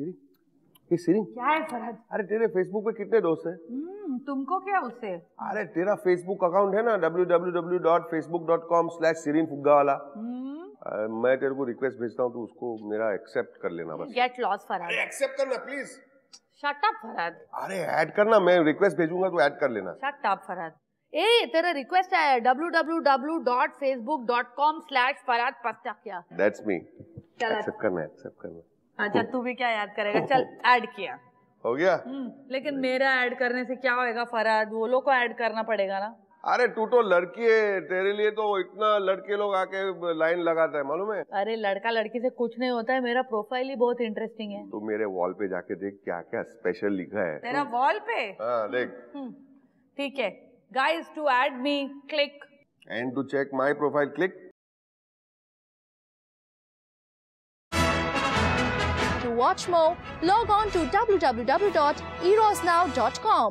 सीरी सीरी क्या है फरहद अरे तेरे फेसबुक पे कितने दोस्त हैं हम्म, तुमको क्या उससे अरे तेरा फेसबुक अकाउंट है ना wwwfacebookcom वाला हम्म। मैं तेरे को रिक्वेस्ट भेजता हूँ तू उसको मेरा एक्सेप्ट कर लेना बस गेट लॉस फरहद एक्सेप्ट करना प्लीज शट अप फरहद अरे ऐड करना मैं रिक्वेस्ट भेजूंगा तू ऐड कर लेना शट अप फरहद ए तेरा रिक्वेस्ट आया है www.facebook.com/faradpastakia दैट्स मी एक्सेप्ट करना एक्सेप्ट करना अच्छा तू भी क्या याद करेगा चल ऐड किया हो गया हम्म, लेकिन मेरा ऐड करने से क्या होएगा फराद वो लोग को ऐड करना पड़ेगा ना अरे तू तो लड़की है तेरे लिए तो इतना लड़के लोग आके लाइन लगाता है मालूम है अरे लड़का लड़की से कुछ नहीं होता है मेरा प्रोफाइल ही बहुत इंटरेस्टिंग है तू मेरे वॉल पे जाके देख क्या क्या स्पेशल लिखा है तेरा वॉल पे हाँ देख हम्म, ठीक है guys to add me click and to check my profile click watch more, log on to www.erosnow.com.